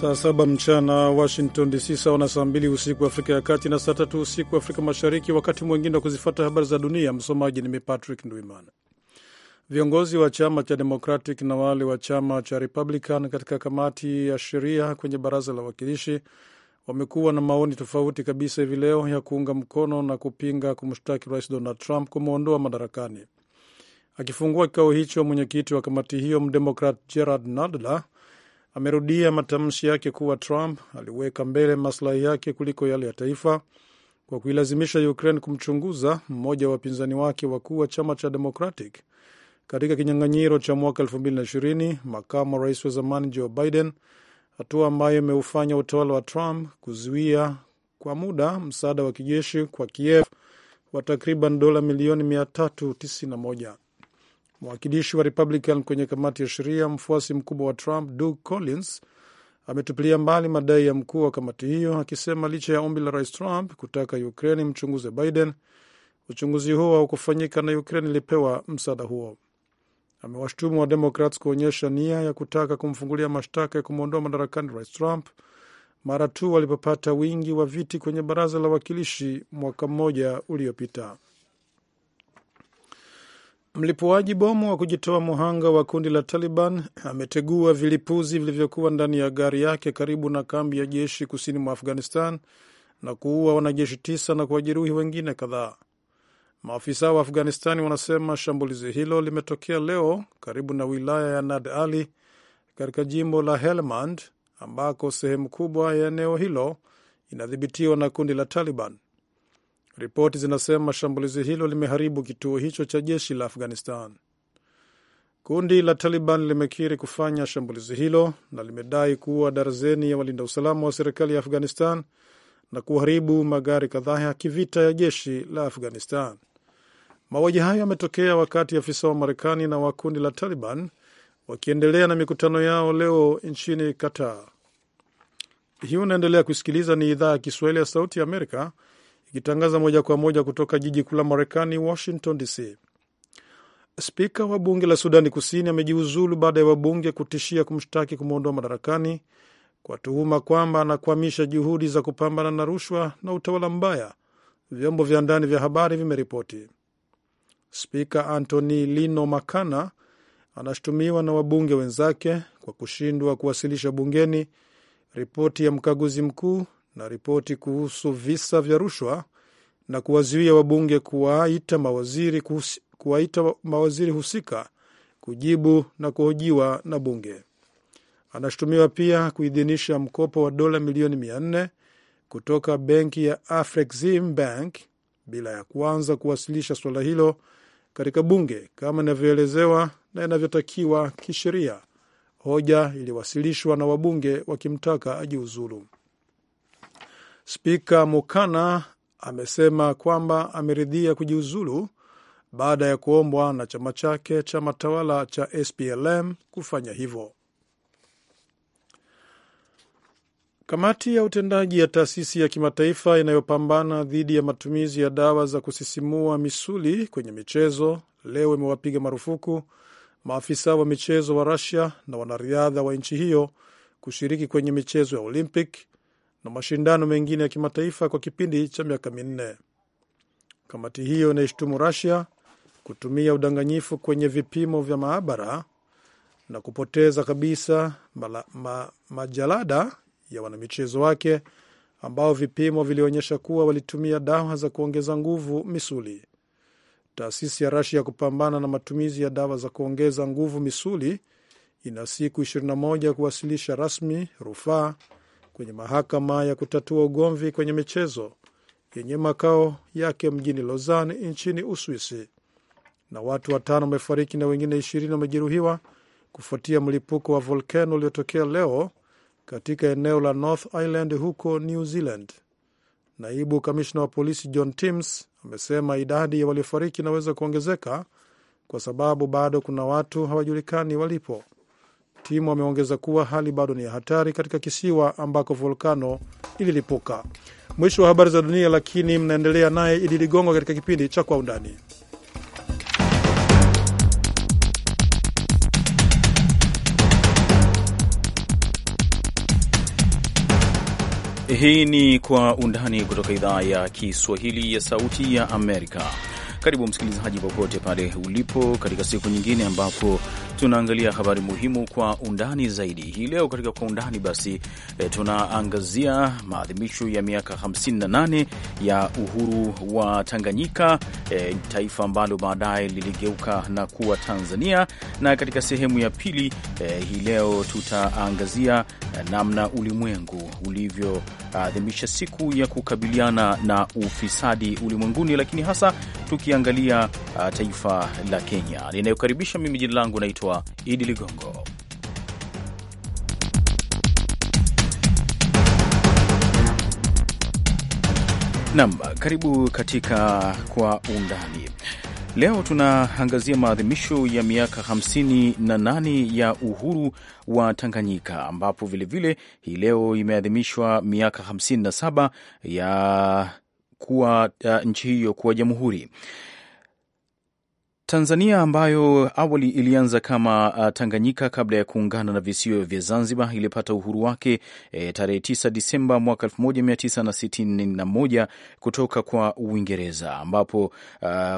Saa saba mchana Washington DC, sawa na saa mbili usiku Afrika ya Kati na saa tatu usiku Afrika Mashariki. Wakati mwingine wa kuzifata habari za dunia, msomaji ni mimi Patrick Ndwimana. Viongozi wa chama cha Democratic na wale wa chama cha Republican katika kamati ya sheria kwenye baraza la wawakilishi wamekuwa na maoni tofauti kabisa hivi leo ya kuunga mkono na kupinga kumshtaki Rais Donald Trump kumwondoa madarakani. Akifungua kikao hicho, mwenyekiti wa kamati hiyo mdemokrat Gerard Nadler amerudia matamshi yake kuwa Trump aliweka mbele maslahi yake kuliko yale ya taifa kwa kuilazimisha Ukraine kumchunguza mmoja wa wapinzani wake wakuu wa chama cha Democratic katika kinyang'anyiro cha mwaka 2020 makamu wa rais wa zamani Joe Biden, hatua ambayo imeufanya utawala wa Trump kuzuia kwa muda msaada wa kijeshi kwa Kiev wa takriban dola milioni 391. Mwakilishi wa Republican kwenye kamati ya sheria, mfuasi mkubwa wa Trump, Doug Collins, ametupilia mbali madai ya mkuu wa kamati hiyo, akisema licha ya ombi la rais Trump kutaka Ukraine mchunguze Biden, uchunguzi huo haukufanyika na Ukraine ilipewa msaada huo. Amewashtumu wa Democrats kuonyesha nia ya kutaka kumfungulia mashtaka ya kumwondoa madarakani rais Trump mara tu walipopata wingi wa viti kwenye baraza la wawakilishi mwaka mmoja uliopita. Mlipuaji bomu wa kujitoa muhanga wa kundi la Taliban ametegua vilipuzi vilivyokuwa ndani ya gari yake karibu na kambi ya jeshi kusini mwa Afghanistan na kuua wanajeshi tisa na kuwajeruhi wengine kadhaa. Maafisa wa Afghanistani wanasema shambulizi hilo limetokea leo karibu na wilaya ya Nad Ali katika jimbo la Helmand ambako sehemu kubwa ya eneo hilo inadhibitiwa na kundi la Taliban. Ripoti zinasema shambulizi hilo limeharibu kituo hicho cha jeshi la Afghanistan. Kundi la Taliban limekiri kufanya shambulizi hilo na limedai kuwa darzeni ya walinda usalama wa serikali ya Afghanistan na kuharibu magari kadhaa ya kivita ya jeshi la Afghanistan. Mauaji hayo yametokea wakati afisa wa Marekani na wa kundi la Taliban wakiendelea na mikutano yao leo nchini Qatar. Hii unaendelea kusikiliza, ni idhaa ya Kiswahili ya Sauti ya Amerika ikitangaza moja kwa moja kutoka jiji kuu la Marekani, Washington DC. Spika wa bunge la Sudani Kusini amejiuzulu baada ya wabunge kutishia kumshtaki kumwondoa madarakani kwa tuhuma kwamba anakwamisha juhudi za kupambana na rushwa na utawala mbaya, vyombo vya ndani vya habari vimeripoti. Spika Antony Lino Makana anashutumiwa na wabunge wenzake kwa kushindwa kuwasilisha bungeni ripoti ya mkaguzi mkuu na ripoti kuhusu visa vya rushwa na kuwazuia wabunge kuwaita mawaziri, kuhusi, kuwaita mawaziri husika kujibu na kuhojiwa na bunge. Anashutumiwa pia kuidhinisha mkopo wa dola milioni mia nne kutoka benki ya Afrexim Bank bila ya kuanza kuwasilisha suala hilo katika bunge kama inavyoelezewa na inavyotakiwa kisheria. Hoja iliwasilishwa na wabunge wakimtaka ajiuzulu. Spika Mukana amesema kwamba ameridhia kujiuzulu baada ya kuombwa na chama chake chama tawala cha SPLM kufanya hivyo. Kamati ya utendaji ya taasisi ya kimataifa inayopambana dhidi ya matumizi ya dawa za kusisimua misuli kwenye michezo leo imewapiga marufuku maafisa wa michezo wa Rusia na wanariadha wa nchi hiyo kushiriki kwenye michezo ya Olympic na mashindano mengine ya kimataifa kwa kipindi cha miaka minne. Kamati hiyo inaishtumu rasia kutumia udanganyifu kwenye vipimo vya maabara na kupoteza kabisa mala, ma, majalada ya wanamichezo wake ambao vipimo vilionyesha kuwa walitumia dawa za kuongeza nguvu misuli. Taasisi ya Rasia ya kupambana na matumizi ya dawa za kuongeza nguvu misuli ina siku 21 kuwasilisha rasmi rufaa kwenye mahakama ya kutatua ugomvi kwenye michezo yenye makao yake mjini Lausanne nchini Uswisi. Na watu watano wamefariki na wengine ishirini wamejeruhiwa kufuatia mlipuko wa volkano uliotokea leo katika eneo la North Island huko New Zealand. Naibu kamishna wa polisi John Timms amesema idadi ya waliofariki inaweza kuongezeka kwa sababu bado kuna watu hawajulikani walipo. Timu ameongeza kuwa hali bado ni ya hatari katika kisiwa ambako volkano ililipuka. Mwisho wa habari za dunia, lakini mnaendelea naye Idi Ligongo katika kipindi cha Kwa Undani. Hii ni Kwa Undani kutoka idhaa ya Kiswahili ya Sauti ya Amerika. Karibu msikilizaji, popote pale ulipo, katika siku nyingine ambapo tunaangalia habari muhimu kwa undani zaidi hii leo katika kwa undani. Basi e, tunaangazia maadhimisho ya miaka 58 ya uhuru wa Tanganyika, e, taifa ambalo baadaye liligeuka na kuwa Tanzania. Na katika sehemu ya pili e, hii leo tutaangazia namna ulimwengu ulivyoadhimisha siku ya kukabiliana na ufisadi ulimwenguni, lakini hasa tukiangalia ah, taifa la Kenya ninayokaribisha mimi, jina langu naitwa naitwa Idi Ligongo. Nam, karibu katika Kwa Undani. Leo tunaangazia maadhimisho ya miaka 58 ya uhuru wa Tanganyika, ambapo vilevile hii leo imeadhimishwa miaka 57 ya kuwa uh, nchi hiyo kuwa jamhuri. Tanzania ambayo awali ilianza kama uh, Tanganyika kabla ya kuungana na visiwa vya Zanzibar ilipata uhuru wake e, tarehe 9 Disemba mwaka 1961 kutoka kwa Uingereza, ambapo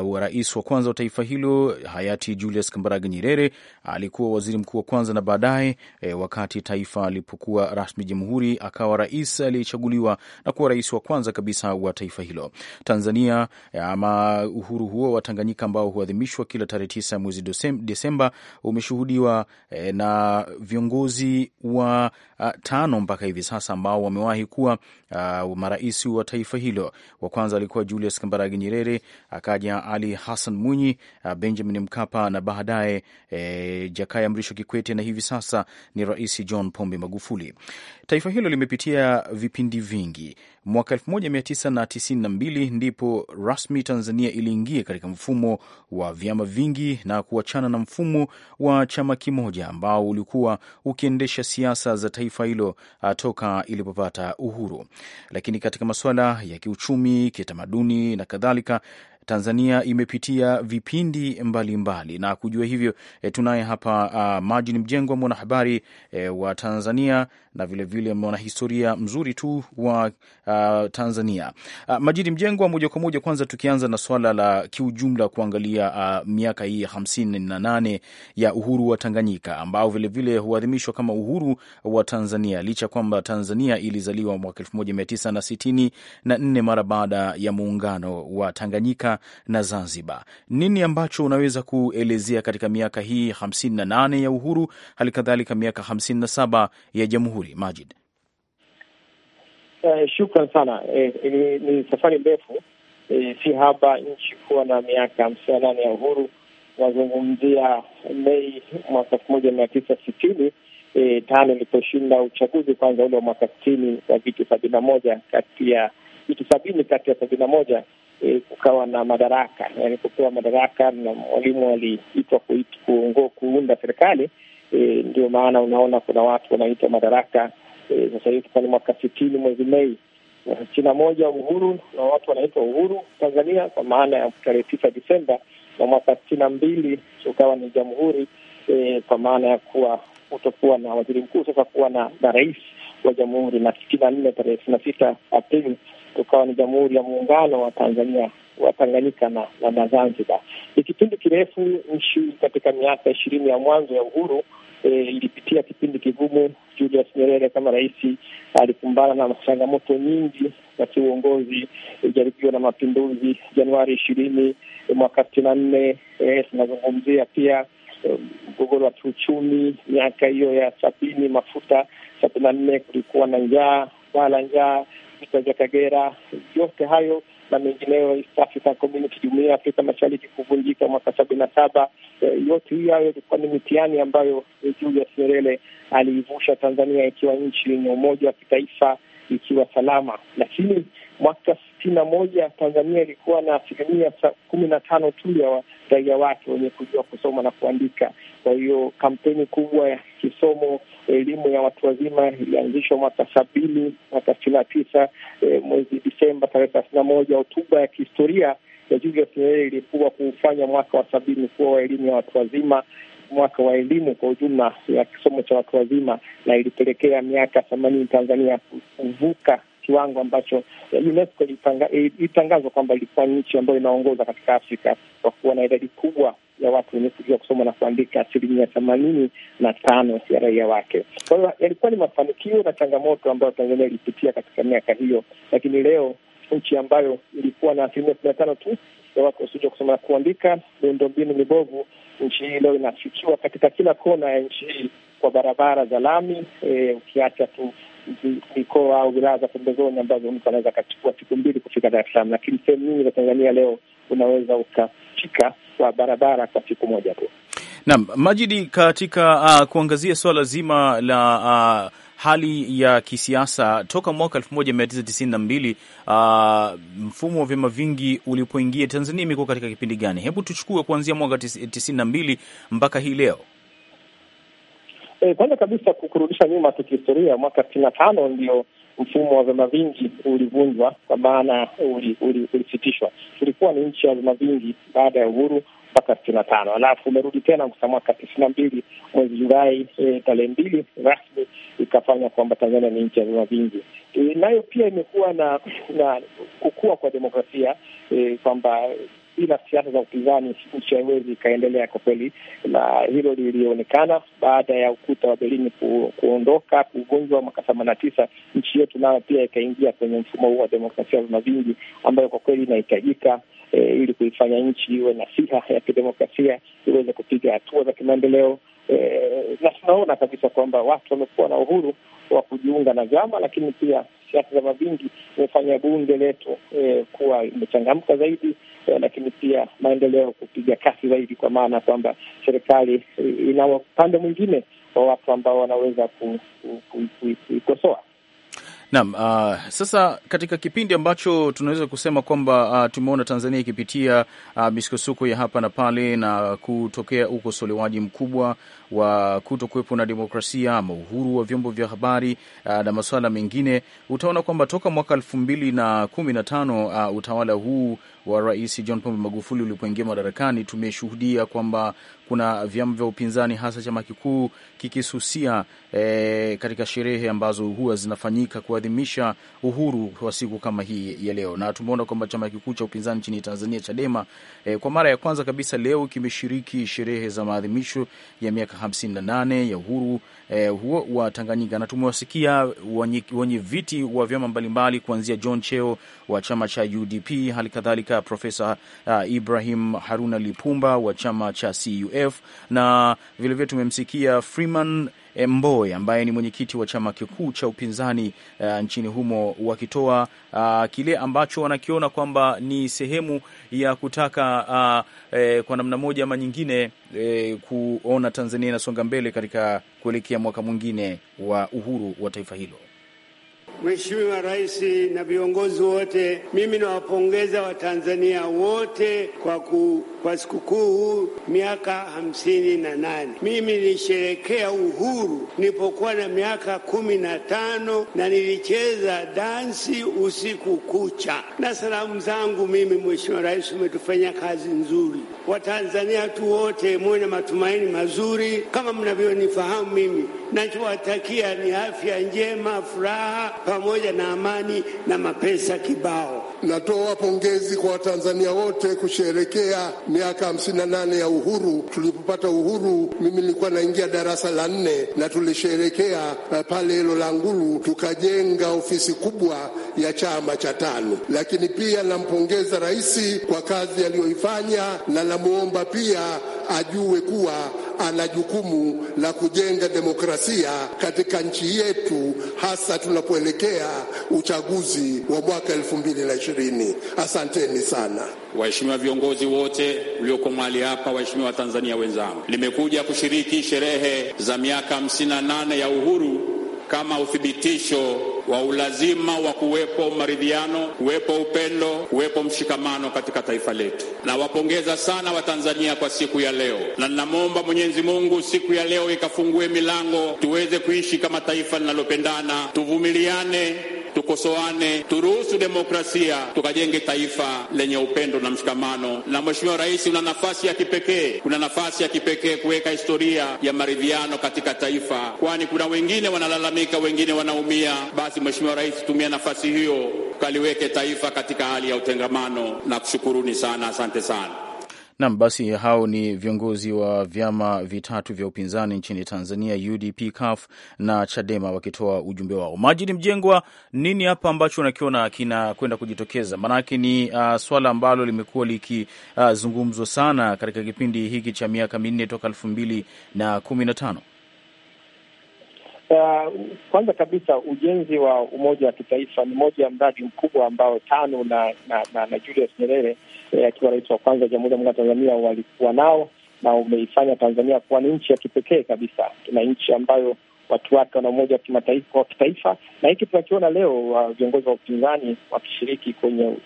uh, rais wa kwanza wa taifa hilo hayati Julius Kambarage Nyerere alikuwa waziri mkuu wa kwanza na baadaye e, wakati taifa alipokuwa rasmi jamhuri akawa rais aliyechaguliwa na kuwa rais wa kwanza kabisa wa taifa hilo Tanzania. Ama uh, uhuru huo wa Tanganyika ambao huadhimishwa kuitishwa kila tarehe tisa mwezi Desemba umeshuhudiwa eh, na viongozi wa uh, tano mpaka hivi sasa ambao wamewahi kuwa uh, marais wa taifa hilo. Wa kwanza alikuwa Julius Kambarage Nyerere, akaja Ali Hassan Mwinyi, uh, Benjamin Mkapa na baadaye eh, Jakaya Mrisho Kikwete na hivi sasa ni Rais John Pombe Magufuli. Taifa hilo limepitia vipindi vingi. Mwaka 1992 ndipo rasmi Tanzania iliingia katika mfumo wa vyama vingi na kuachana na mfumo wa chama kimoja ambao ulikuwa ukiendesha siasa za taifa taifa hilo uh, toka ilipopata uhuru. Lakini katika masuala ya kiuchumi, kitamaduni na kadhalika, Tanzania imepitia vipindi mbalimbali mbali. Na kujua hivyo e, tunaye hapa uh, Majini Mjengwa, mwanahabari e, wa Tanzania na vilevile mwanahistoria mzuri tu wa uh, Tanzania. Uh, Majini Mjengwa, moja kwa moja, kwanza tukianza na swala la kiujumla kuangalia uh, miaka hii hamsini na nane ya uhuru wa Tanganyika ambao vilevile huadhimishwa kama uhuru wa Tanzania licha kwamba Tanzania ilizaliwa mwaka elfu moja mia tisa na sitini na nne mara baada ya muungano wa Tanganyika na Zanzibar. Nini ambacho unaweza kuelezea katika miaka hii 58 ya uhuru, hali kadhalika miaka 57 ya jamhuri, Majid? Uh, shukran sana. Eh, eh, ni safari ndefu eh, si haba nchi kuwa na miaka hamsini na nane ya uhuru. Nazungumzia Mei mwaka elfu moja mia tisa sitini eh, tano iliposhinda uchaguzi kwanza ule wa mwaka sitini wa viti sabini na moja kati ya viti sabini kati ya sabini na moja e, kukawa na madaraka, yani kupewa madaraka na Mwalimu aliitwa kuunda serikali e, ndio maana unaona kuna watu wanaitwa madaraka e, sasa hivi mwaka sitini mwezi Mei sitini na moja uhuru na watu wanaitwa uhuru Tanzania kwa maana ya tarehe tisa Desemba na mwaka sitini na mbili ukawa ni jamhuri e, kwa maana ya kuwa utokuwa na waziri mkuu sasa kuwa na, na rais wa jamhuri na sitini na nne tarehe ishirini na sita Aprili tukawa ni Jamhuri ya Muungano wa Tanzania wa Tanganyika na, na, na Zanzibar. Ni kipindi kirefu. Nchi katika miaka ishirini ya mwanzo ya uhuru e, ilipitia kipindi kigumu. Julius Nyerere kama rais alikumbana na changamoto nyingi za kiuongozi, ijaribiwa na mapinduzi Januari ishirini mwaka sitini na nne. E, tunazungumzia pia e, mgogoro wa kiuchumi miaka hiyo ya sabini, mafuta sabini na nne. Kulikuwa na njaa, baa la njaa vita vya Kagera, yote hayo na mengineyo, East African Community, jumuia ya Afrika Mashariki kuvunjika mwaka sabini na saba. Eh, yote hiyo hayo ilikuwa ni mitihani ambayo Julius Nyerere aliivusha Tanzania ikiwa nchi yenye umoja wa kitaifa ikiwa salama, lakini mwaka sitini na moja Tanzania ilikuwa na asilimia kumi na tano tu ya raia wake wenye kujua kusoma na kuandika. Kwa hiyo kampeni kubwa ya kisomo elimu ya watu wazima ilianzishwa mwaka sabini mwaka sitini na tisa e, mwezi Disemba tarehe thelathini na moja. Hotuba ya kihistoria ya Julius Nyerere ilikuwa kufanya mwaka wa sabini kuwa wa elimu ya watu wazima mwaka wa elimu kwa ujumla ya kisomo cha watu wazima, na ilipelekea miaka themanini Tanzania kuvuka kiwango ambacho UNESCO ilitangazwa kwamba ilikuwa nchi ambayo inaongoza katika Afrika kwa kuwa na idadi kubwa ya watu wenye kujua kusoma na kuandika, asilimia themanini na tano ya raia wake. Kwa hiyo yalikuwa ni mafanikio na changamoto ambayo Tanzania ilipitia katika miaka hiyo, lakini leo nchi ambayo ilikuwa na asilimia kumi na tano tu ya watu wasiojua kusoma na kuandika, miundombinu mibovu, nchi hii leo inafikiwa katika kila kona ya nchi hii kwa barabara za lami e, ukiacha tu mikoa au wilaya za pembezoni ambazo mtu anaweza akachukua siku mbili kufika Dar es Salaam, lakini sehemu nyingi za Tanzania leo unaweza ukafika kwa barabara kwa siku moja tu. Naam, Majidi, katika uh, kuangazia swala zima la uh, hali ya kisiasa toka mwaka elfu moja mia tisa tisini na mbili uh, mfumo wa vyama vingi ulipoingia Tanzania imekuwa katika kipindi gani? Hebu tuchukue kuanzia mwaka tisini na mbili mpaka hii leo. E, kwanza kabisa kukurudisha nyuma tu kihistoria, mwaka sitini na tano ndio mfumo wa vyama vingi ulivunjwa, kwa maana ulisitishwa. Uli, uli tulikuwa ni nchi ya vyama vingi baada ya uhuru mpaka sitini na tano alafu umerudi tena kusa mwaka tisini na mbili mwezi Julai e, tarehe mbili rasmi ikafanya kwamba Tanzania ni nchi ya vyama vingi e, nayo pia imekuwa na, na kukua kwa demokrasia e, kwamba bila siasa za upinzani nchi haiwezi ikaendelea kwa kweli, na hilo lilionekana baada ya ukuta wa Berlin ku, kuondoka kuvunjwa mwaka themanini na tisa. Nchi yetu nayo pia ikaingia kwenye mfumo huu wa demokrasia ya vyama vingi ambayo kwa kweli inahitajika e, ili kuifanya nchi iwe na siha ya kidemokrasia iweze kupiga hatua za kimaendeleo. E, na tunaona kabisa kwamba watu wamekuwa na uhuru wa kujiunga na vyama, lakini pia siasa za vingi imefanya bunge letu e, kuwa imechangamka zaidi e, lakini pia maendeleo kupiga kasi zaidi, kwa maana kwamba serikali eh, ina upande mwingine wa watu ambao wanaweza kuikosoa ku, ku, ku, ku, ku, Naam, uh, sasa katika kipindi ambacho tunaweza kusema kwamba uh, tumeona Tanzania ikipitia uh, misukosuko ya hapa na pale na kutokea ukosolewaji mkubwa wa kutokuwepo na demokrasia ama uhuru wa vyombo vya habari uh, na masuala mengine, utaona kwamba toka mwaka elfu mbili na kumi na tano uh, utawala huu wa Rais John Pombe Magufuli ulipoingia madarakani, tumeshuhudia kwamba kuna vyama vya upinzani hasa chama kikuu kikisusia e, katika sherehe ambazo huwa zinafanyika kuadhimisha uhuru wa siku kama hii ya leo, na tumeona kwamba chama kikuu cha upinzani nchini Tanzania Chadema e, kwa mara ya kwanza kabisa leo kimeshiriki sherehe za maadhimisho ya miaka 58 ya uhuru e, huo wa Tanganyika, na tumewasikia wenye viti wa vyama mbalimbali kuanzia John Cheo wa chama cha UDP hali kadhalika Afrika Profesa uh, Ibrahim Haruna Lipumba wa chama cha CUF na vilevile tumemsikia Freeman mboy ambaye ni mwenyekiti wa chama kikuu cha upinzani uh, nchini humo wakitoa uh, kile ambacho wanakiona kwamba ni sehemu ya kutaka uh, eh, kwa namna moja ama nyingine eh, kuona Tanzania inasonga mbele katika kuelekea mwaka mwingine wa uhuru wa taifa hilo. Mheshimiwa Rais na viongozi wote, mimi nawapongeza Watanzania wote kwa ku kwa sikukuu miaka hamsini na nane. Mimi nilisherekea uhuru nilipokuwa na miaka kumi na tano na nilicheza dansi usiku kucha. Na salamu zangu mimi, Mheshimiwa Rais, umetufanya kazi nzuri. Watanzania tu wote muwe na matumaini mazuri kama mnavyonifahamu mimi. Nachowatakia ni afya njema, furaha pamoja na amani na mapesa kibao. Natoa pongezi kwa Watanzania wote kusherekea miaka 58 ya uhuru. Tulipopata uhuru, mimi nilikuwa naingia darasa la nne na tulisherekea eh, pale Ngulu, tukajenga ofisi kubwa ya chama cha tano Lakini pia nampongeza rais kwa kazi aliyoifanya, na namwomba pia ajue kuwa ana jukumu la kujenga demokrasia katika nchi yetu, hasa tunapoelekea uchaguzi wa mwaka elfu mbili na ishirini. Asanteni sana waheshimiwa viongozi wote mlioko mahali hapa, waheshimiwa Watanzania wenzangu, limekuja kushiriki sherehe za miaka nane ya uhuru kama uthibitisho wa ulazima wa kuwepo maridhiano, kuwepo upendo, kuwepo mshikamano katika taifa letu. Nawapongeza sana Watanzania kwa siku ya leo, na ninamwomba Mwenyezi Mungu siku ya leo ikafungue milango tuweze kuishi kama taifa linalopendana, tuvumiliane tukosoane, turuhusu demokrasia, tukajenge taifa lenye upendo na mshikamano. Na Mheshimiwa Rais, una nafasi ya kipekee, kuna nafasi ya kipekee kuweka historia ya maridhiano katika taifa, kwani kuna wengine wanalalamika, wengine wanaumia. Basi Mheshimiwa Rais, tumia nafasi hiyo kaliweke taifa katika hali ya utengamano, na kushukuruni sana, asante sana. Nam, basi hao ni viongozi wa vyama vitatu vya upinzani nchini Tanzania, UDP, CUF na Chadema wakitoa ujumbe wao. Majini Mjengwa, nini hapa ambacho unakiona kinakwenda kujitokeza? Maanake ni uh, swala ambalo limekuwa likizungumzwa uh, sana katika kipindi hiki cha miaka minne toka elfu mbili na kumi na tano. Uh, kwanza kabisa ujenzi wa umoja wa kitaifa ni moja ya mradi mkubwa ambao tano na, na, na, na Julius Nyerere akiwa rais wa kwanza wa Jamhuri ya Muungano wa Tanzania walikuwa nao na umeifanya Tanzania kuwa ni nchi ya kipekee kabisa na nchi ambayo watu wake wana umoja wa kitaifa, na hiki tunakiona leo uh, viongozi wa upinzani wakishiriki kwenye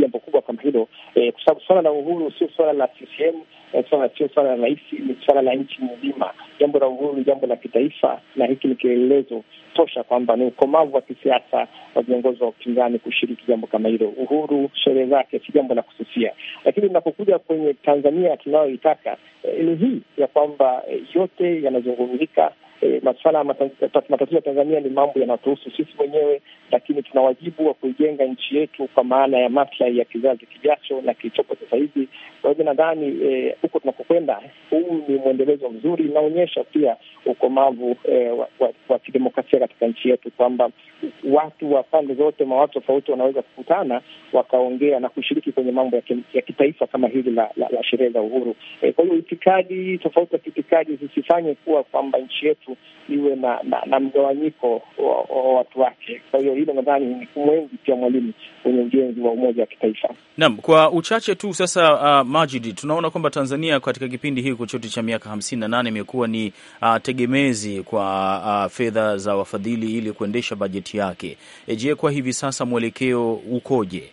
jambo uh, kubwa kama hilo, eh, kwa sababu swala la uhuru sio swala la CCM, eh, sio swala la rais, ni swala la nchi mzima. Jambo la uhuru ni jambo la kitaifa, na hiki ni kielelezo tosha kwamba ni ukomavu wa kisiasa wa viongozi wa upinzani kushiriki jambo kama hilo. Uhuru, sherehe zake si jambo la kususia, lakini inapokuja kwenye Tanzania tunayoitaka ni eh, hii ya kwamba yote yanazungumzika E, eh, masuala ya matatizo ya Tanzania ni mambo yanatuhusu sisi wenyewe, lakini tuna wajibu wa kuijenga nchi yetu kwa maana ya maslahi ya kizazi kijacho na kilichopo sasa hivi. Kwa hivyo nadhani eh, huko e, tunakokwenda, huu ni mwendelezo mzuri, unaonyesha pia ukomavu e, wa, wa, wa kidemokrasia katika nchi yetu kwamba watu wa pande zote, mawazo tofauti wanaweza kukutana wakaongea na kushiriki kwenye mambo ya, kitaifa kama hili la, la, la sherehe za uhuru. E, kwa hiyo itikadi tofauti za kiitikadi zisifanye kuwa kwamba nchi yetu iwe na, na, na mgawanyiko wa watu wake. Kwa hiyo hilo nadhani ni wengi pia Mwalimu kwenye ujenzi wa umoja wa kitaifa. Naam, kwa uchache tu sasa, uh, Majidi, tunaona kwamba Tanzania katika kipindi hiki chote cha miaka hamsini na nane imekuwa ni uh, tegemezi kwa uh, fedha za wafadhili ili kuendesha bajeti nchi yake. E, je, kwa hivi sasa mwelekeo ukoje?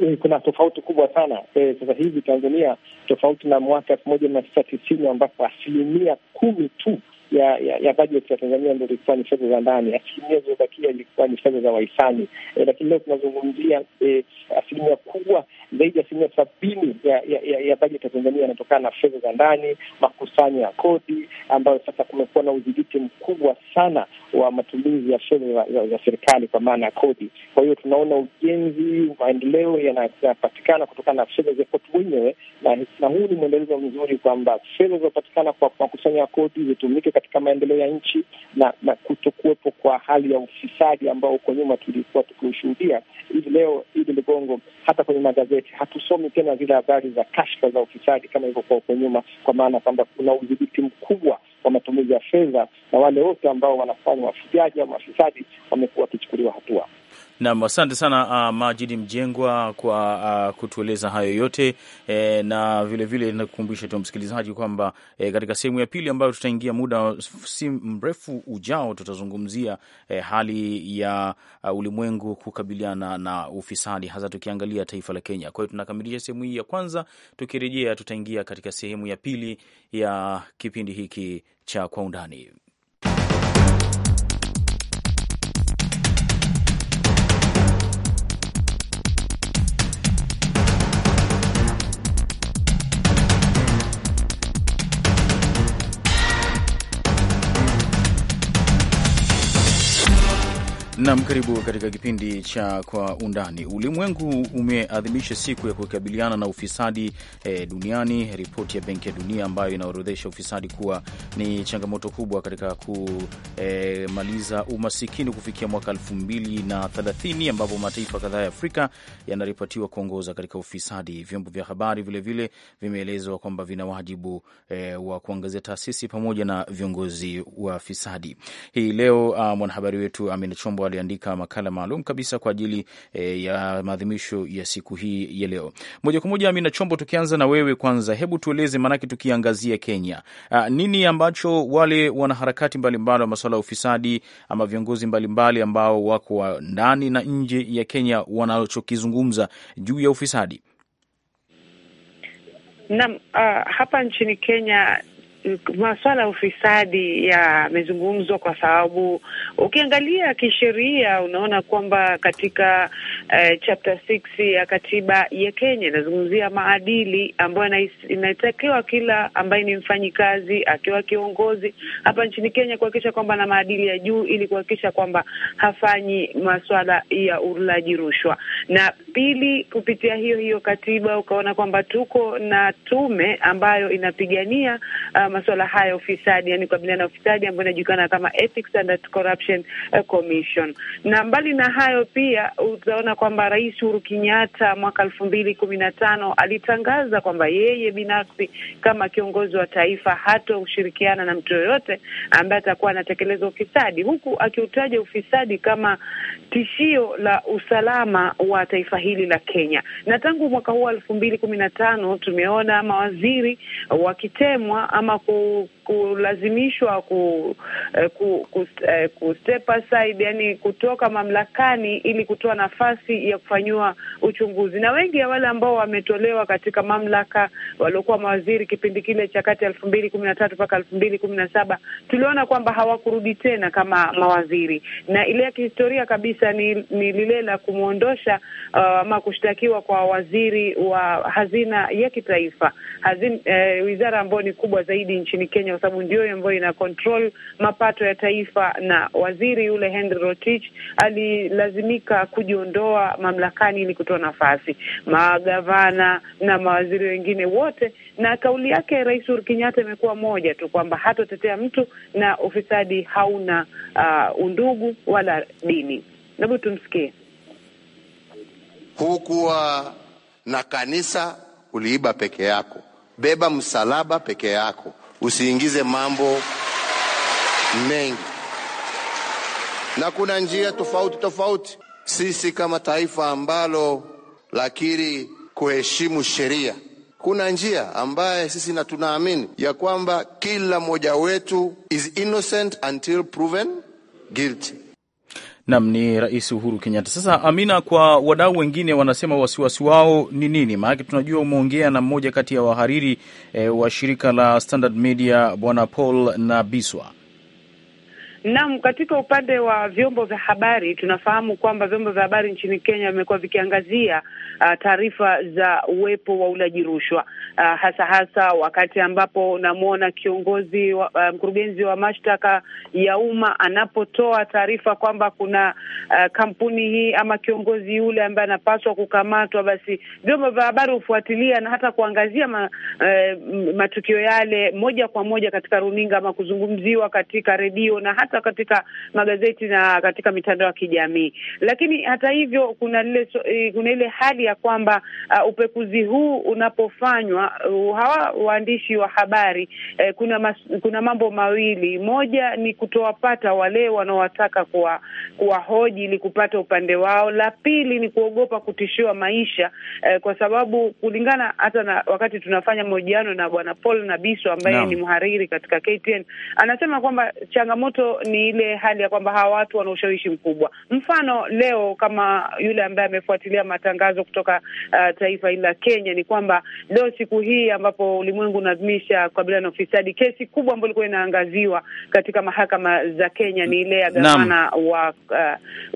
E, kuna tofauti kubwa sana e, sasa hivi Tanzania tofauti na mwaka elfu moja mia tisa tisini ambapo asilimia kumi tu ya ya, ya bajeti ya Tanzania ndo ilikuwa ni fedha za ndani, asilimia zilizobakia ilikuwa ni fedha za wahisani. E, lakini leo tunazungumzia e, asilimia kubwa zaidi ya asilimia sabini ya, ya, ya bajeti ya Tanzania inatokana na fedha za ndani, makusanyo ya kodi, ambayo sasa kumekuwa na udhibiti mkubwa sana wa matumizi ya fedha za, za, za serikali kwa maana ya kodi. Kwa hiyo tunaona ujenzi, maendeleo yanapatikana kutokana na fedha za kodi wenyewe, na huu ni mwendelezo mzuri kwamba fedha zinapatikana kwa makusanyo ya kodi zitumike katika maendeleo ya nchi na na kutokuwepo kwa hali ya ufisadi ambao huko nyuma tulikuwa tukiushuhudia. Hivi leo, Idi Ligongo, hata kwenye magazeti hatusomi tena zile habari za kashfa za ufisadi kama ilivyokuwa huko nyuma, kwa maana kwamba kuna udhibiti mkubwa wa matumizi ya fedha na wale wote ambao wanafanya wafujaji au mafisadi wamekuwa wakichukuliwa hatua. Nam, asante sana uh, Majidi Mjengwa kwa uh, kutueleza hayo yote e, na vilevile nakukumbusha tu msikilizaji kwamba e, katika sehemu ya pili ambayo tutaingia muda si mrefu ujao, tutazungumzia e, hali ya uh, ulimwengu kukabiliana na ufisadi, hasa tukiangalia taifa la Kenya. Kwa hiyo tunakamilisha sehemu hii ya kwanza, tukirejea tutaingia katika sehemu ya pili ya kipindi hiki cha Kwa Undani. Nam, karibu katika kipindi cha Kwa Undani. Ulimwengu umeadhimisha siku ya kukabiliana na ufisadi e, duniani. Ripoti ya Benki ya Dunia ambayo inaorodhesha ufisadi kuwa ni changamoto kubwa katika kumaliza eh, e, umasikini kufikia mwaka elfu mbili na thelathini ambapo mataifa kadhaa ya Afrika yanaripotiwa kuongoza katika ufisadi. Vyombo vya habari vilevile vimeelezwa kwamba vina wajibu e, wa kuangazia taasisi pamoja na viongozi wa fisadi. Hii leo ah, mwanahabari wetu Amina Chombo aliandika makala maalum kabisa kwa ajili e, ya maadhimisho ya siku hii ya leo. Moja kwa moja, Amina Chombo, tukianza na wewe kwanza, hebu tueleze, maanake tukiangazia Kenya, a, nini ambacho wale wanaharakati mbalimbali wa masuala ya ufisadi ama viongozi mbalimbali ambao wako ndani na nje ya Kenya wanachokizungumza juu ya ufisadi? Naam, uh, hapa nchini Kenya masuala ya ufisadi yamezungumzwa kwa sababu ukiangalia kisheria unaona kwamba katika eh, chapter 6 ya katiba ya Kenya inazungumzia maadili ambayo inaitakiwa kila ambaye ni mfanyikazi akiwa kiongozi hapa nchini Kenya kuhakikisha kwamba na maadili ya juu ili kuhakikisha kwamba hafanyi masuala ya urulaji rushwa. Na pili, kupitia hiyo hiyo katiba ukaona kwamba tuko na tume ambayo inapigania um, masuala haya ufisadi, yani kukabiliana na ufisadi ambayo inajulikana kama Ethics and Corruption eh, Commission. Na mbali na hayo pia utaona kwamba Rais Uhuru Kenyatta mwaka elfu mbili kumi na tano alitangaza kwamba yeye binafsi kama kiongozi wa taifa ushirikiana na mtu yoyote ambaye atakuwa anatekeleza ufisadi, huku akiutaja ufisadi kama tishio la usalama wa taifa hili la Kenya. Na tangu mwaka huu elfu mbili kumi na tano tumeona mawaziri wakitemwa ama ako kulazimishwa ku, eh, ku, ku, eh, ku step aside, yani kutoka mamlakani ili kutoa nafasi ya kufanyiwa uchunguzi. Na wengi ya wale ambao wametolewa katika mamlaka waliokuwa mawaziri kipindi kile cha kati ya elfu mbili kumi na tatu mpaka elfu mbili kumi na saba tuliona kwamba hawakurudi tena kama mawaziri, na ile ya kihistoria kabisa ni, ni lile la kumwondosha uh, ama kushtakiwa kwa waziri wa hazina ya kitaifa hazin, eh, wizara ambayo ni kubwa zaidi nchini Kenya sababu ndio ambayo ina control mapato ya taifa, na waziri yule Henry Rotich alilazimika kujiondoa mamlakani ili kutoa nafasi magavana na mawaziri wengine wote. Na kauli yake Rais Uhuru Kenyatta imekuwa moja tu kwamba hatotetea mtu na ufisadi hauna uh, undugu wala dini. Hebu tumsikie. Hukuwa na kanisa, uliiba peke yako, beba msalaba peke yako, usiingize mambo mengi, na kuna njia tofauti tofauti. Sisi kama taifa ambalo lakiri kuheshimu sheria, kuna njia ambaye sisi na tunaamini ya kwamba kila mmoja wetu is innocent until proven guilty. Nam ni Rais Uhuru Kenyatta. Sasa Amina, kwa wadau wengine wanasema wasiwasi wao ni nini? Maanake tunajua umeongea na mmoja kati ya wahariri e, wa shirika la Standard Media Bwana Paul na Biswa Naam, katika upande wa vyombo vya habari tunafahamu kwamba vyombo vya habari nchini Kenya vimekuwa vikiangazia uh, taarifa za uwepo wa ulaji rushwa uh, hasa hasa wakati ambapo unamwona kiongozi wa, uh, mkurugenzi wa mashtaka ya umma anapotoa taarifa kwamba kuna uh, kampuni hii ama kiongozi yule ambaye anapaswa kukamatwa, basi vyombo vya habari hufuatilia na hata kuangazia ma, uh, matukio yale moja kwa moja katika runinga ama kuzungumziwa katika redio na hata hata katika magazeti na katika mitandao ya kijamii. Lakini hata hivyo, kuna lile eh, kuna ile hali ya kwamba uh, upekuzi huu unapofanywa uh, hawa waandishi wa habari uh, kuna mas, kuna mambo mawili. Moja ni kutowapata wale wanaowataka kuwa kuwahoji ili kupata upande wao. La pili ni kuogopa kutishiwa maisha uh, kwa sababu kulingana hata na wakati tunafanya mahojiano na Bwana Paul Nabiso ambaye no. ni mhariri katika KTN anasema kwamba changamoto ni ile hali ya kwamba hawa watu wana ushawishi mkubwa. Mfano leo, kama yule ambaye amefuatilia matangazo kutoka uh, taifa hili la Kenya, ni kwamba leo siku hii ambapo ulimwengu unaadhimisha kukabiliana na ufisadi, kesi kubwa ambayo ilikuwa inaangaziwa katika mahakama za Kenya ni ile ya gavana wa, uh,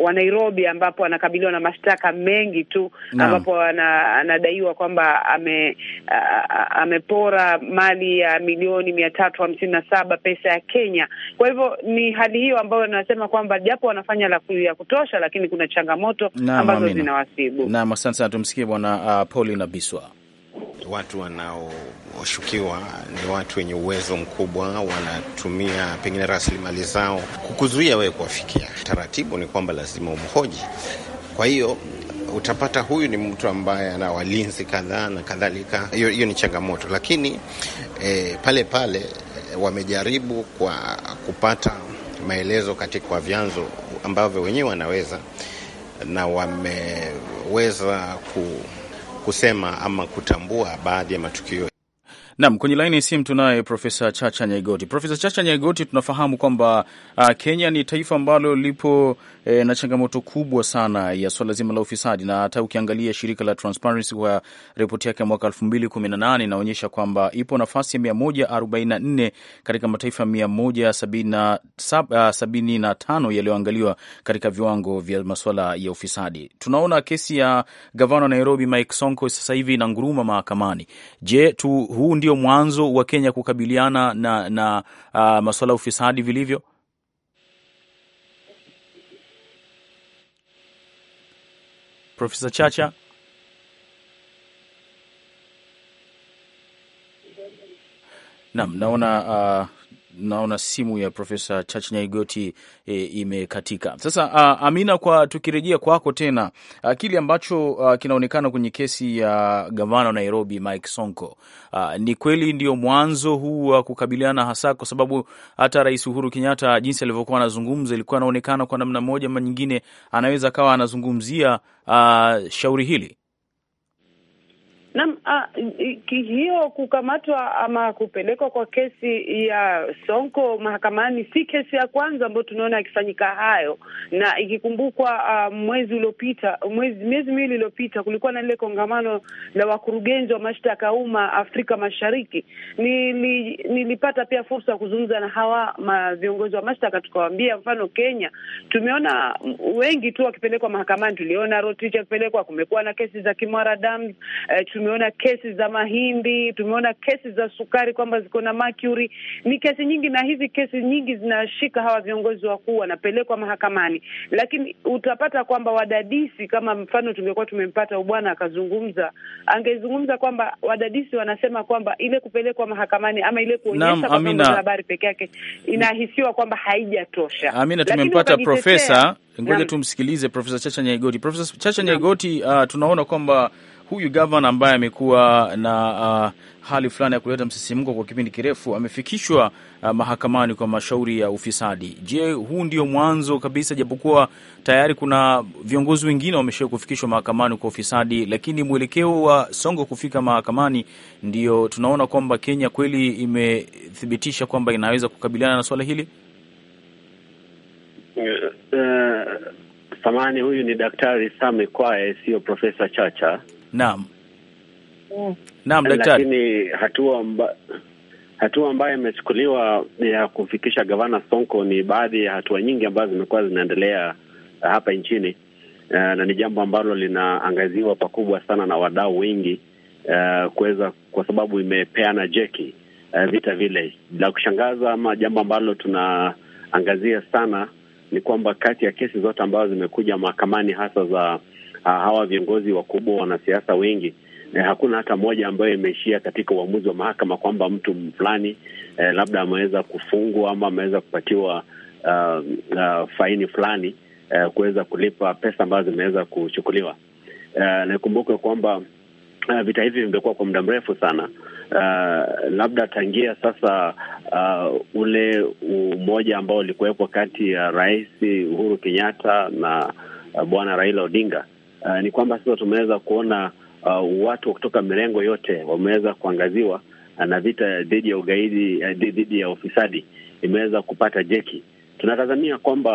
wa Nairobi, ambapo anakabiliwa na mashtaka mengi tu, ambapo anadaiwa kwamba ame, uh, amepora mali ya milioni mia tatu hamsini na saba pesa ya Kenya. Kwa hivyo ni hali hiyo ambayo wanasema kwamba japo wanafanya la ya kutosha, lakini kuna changamoto na ambazo zinawasibu. Naam, asante sana. Tumsikie bwana uh, Pauli na Biswa. Watu wanaoshukiwa ni watu wenye uwezo mkubwa, wanatumia pengine rasilimali zao kukuzuia wewe kuwafikia. Taratibu ni kwamba lazima umhoji. Kwa hiyo utapata huyu ni mtu ambaye ana walinzi kadhaa na kadhalika. Hiyo ni changamoto, lakini eh, pale pale eh, wamejaribu kwa kupata maelezo katika kwa vyanzo ambavyo wenyewe wanaweza na wameweza ku, kusema ama kutambua baadhi ya matukio. Nam, kwenye laini ya simu tunaye Profesa Chacha Nyaigoti. Profesa Chacha Nyaigoti, tunafahamu kwamba uh, Kenya ni taifa ambalo lipo e, na changamoto kubwa sana ya swala zima la ufisadi, na hata ukiangalia shirika la Transparency kwa ripoti yake ya mwaka 2018 inaonyesha kwamba ipo nafasi ya 144 katika mataifa 175 ah, yaliyoangaliwa katika viwango vya masuala ya ufisadi. Tunaona kesi ya gavana Nairobi Mike Sonko sasa hivi inanguruma mahakamani. Je, tu huu ndio mwanzo wa Kenya kukabiliana na, na uh, ah, masuala ya ufisadi vilivyo? Profesa Chacha. Naam, naona uh, naona simu ya Profesa Chach Nyaigoti e, imekatika. Sasa a, Amina, kwa tukirejea kwako tena a, kile ambacho a, kinaonekana kwenye kesi ya gavana wa Nairobi Mike Sonko a, ni kweli ndio mwanzo huu wa kukabiliana hasa, kwa sababu hata Rais Uhuru Kenyatta jinsi alivyokuwa anazungumza ilikuwa anaonekana kwa namna moja ama nyingine anaweza akawa anazungumzia a, shauri hili Naam, ah, hiyo kukamatwa ama kupelekwa kwa kesi ya Sonko mahakamani si kesi ya kwanza ambayo tunaona yakifanyika hayo, na ikikumbukwa ah, mwezi uliopita, mwezi miezi miwili iliyopita kulikuwa na lile kongamano la wakurugenzi wa mashtaka ya umma Afrika Mashariki. Nili, nilipata pia fursa ya kuzungumza na hawa ma viongozi wa mashtaka, tukawaambia mfano Kenya tumeona wengi tu wakipelekwa mahakamani, tuliona Rotich akipelekwa, kumekuwa na kesi za Kimwara Dams eh, tumeona kesi za mahindi, tumeona kesi za sukari kwamba ziko na mercury. Ni kesi nyingi, na hizi kesi nyingi zinashika hawa viongozi wakuu, wanapelekwa mahakamani, lakini utapata kwamba wadadisi, kama mfano tungekuwa tumempata ubwana akazungumza, angezungumza kwamba wadadisi wanasema kwamba ile kupelekwa mahakamani ama ile kuonyesha kwa habari peke yake inahisiwa kwamba haijatosha. Amina, tumempata profesa, ngoja tumsikilize Profesa Chacha Nyaigoti. Profesa Chacha Nyaigoti, uh, tunaona kwamba huyu gavana ambaye amekuwa na uh, hali fulani ya kuleta msisimko kwa kipindi kirefu amefikishwa uh, mahakamani kwa mashauri ya ufisadi. Je, huu ndio mwanzo kabisa? Japokuwa tayari kuna viongozi wengine wameshawahi kufikishwa mahakamani kwa ufisadi, lakini mwelekeo wa Songo kufika mahakamani ndio tunaona kwamba Kenya kweli imethibitisha kwamba inaweza kukabiliana na swala hili. Uh, eh, eh, samani huyu ni Daktari Same Kwae, sio Profesa Chacha. Naam, mm. naam daktari, lakini hatua mba, hatua ambayo imechukuliwa ya kufikisha gavana Sonko ni baadhi ya hatua nyingi ambazo zimekuwa zinaendelea hapa nchini eh, na ni jambo ambalo linaangaziwa pakubwa sana na wadau wengi uh, kuweza kwa sababu imepeana jeki uh, vita vile. La kushangaza ama jambo ambalo tunaangazia sana ni kwamba kati ya kesi zote ambazo zimekuja mahakamani hasa za Ah, hawa viongozi wakubwa, wanasiasa wengi eh, hakuna hata moja ambayo imeishia katika uamuzi wa mahakama kwamba mtu fulani eh, labda ameweza kufungwa ama ameweza kupatiwa uh, uh, faini fulani uh, kuweza kulipa pesa ambazo zimeweza kuchukuliwa. Uh, nikumbuke kwamba Uh, vita hivi vimekuwa kwa muda mrefu sana uh, labda tangia sasa uh, ule umoja ambao ulikuwepo kati ya Rais Uhuru Kenyatta na uh, Bwana Raila Odinga uh, ni kwamba sasa tumeweza kuona uh, watu kutoka mirengo yote wameweza kuangaziwa eh, na vita dhidi ya ugaidi, dhidi ya ufisadi imeweza kupata jeki. Tunatazamia kwamba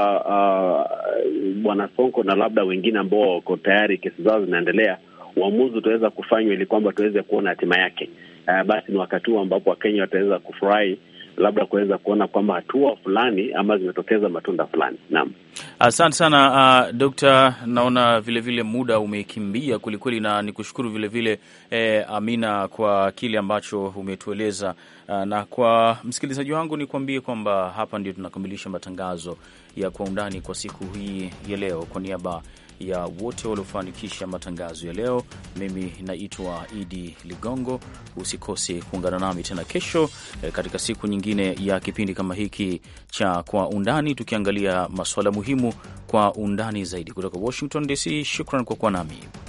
bwana uh, Sonko na labda wengine ambao wako tayari kesi zao zinaendelea, uamuzi utaweza kufanywa ili kwamba tuweze kuona hatima yake. Uh, basi ni wakati huu ambapo Wakenya wataweza kufurahi labda kuweza kuona kwamba hatua fulani ama zimetokeza matunda fulani. Naam, asante sana uh, Dokta, naona vilevile vile muda umekimbia kwelikweli, na ni kushukuru vilevile eh, Amina kwa kile ambacho umetueleza uh, na kwa msikilizaji wangu nikuambie kwamba hapa ndio tunakamilisha matangazo ya Kwa Undani kwa siku hii ya leo, kwa niaba ya wote waliofanikisha matangazo ya leo. Mimi naitwa Idi Ligongo. Usikose kuungana nami tena kesho eh, katika siku nyingine ya kipindi kama hiki cha Kwa Undani, tukiangalia masuala muhimu kwa undani zaidi. Kutoka Washington DC, shukran kwa kuwa nami.